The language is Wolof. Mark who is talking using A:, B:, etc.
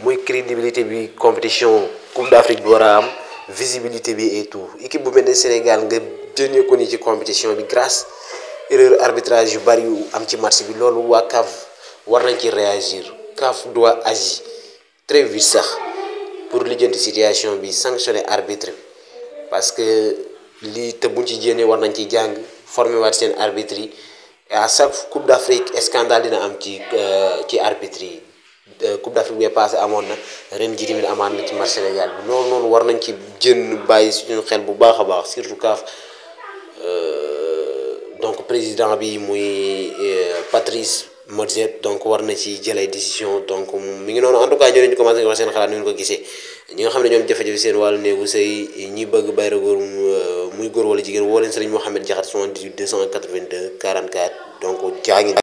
A: moy crédibilité bi compétition coupe d'Afrique bi am visibilité bi et tout équipe bu mel au Sénégal nga jëlee ko ni ci compétition bi grâce erreur arbitrage yu bari yu am ci match bi loolu waa CAF war nañ ci réagir CAF doit agir très vite sax pour lijjanti situation bi sanctionner arbitre parce que li te buñ ci jénnee war nañ ci jàng formé waat seen arbitre yi à chaque coupe d'Afrique scandale dina am ci euh, ci arbitre Euh, Coupe d'Afrique bi passé amoon na ren jii tamit amaan na ci match Sénégal bi loolu noonu war nañ ci jën bàyyi suñu xel bu baax a baax surtout kaaf euh, donc président bi muy euh, Patrice Motsepe donc war na ci jëlee décision donc mi ngi noonu en tout cas ñoo leen seen xalaat ni ñu ko gisee ñi nga xam ne ñoom jafe-jafe seen wàllu néegu sëy ñi bëgg bayra góor muy góor wala jigéen woo leen Serigne Mouhamed Diakhaté 78 282 44 donc jaa ngi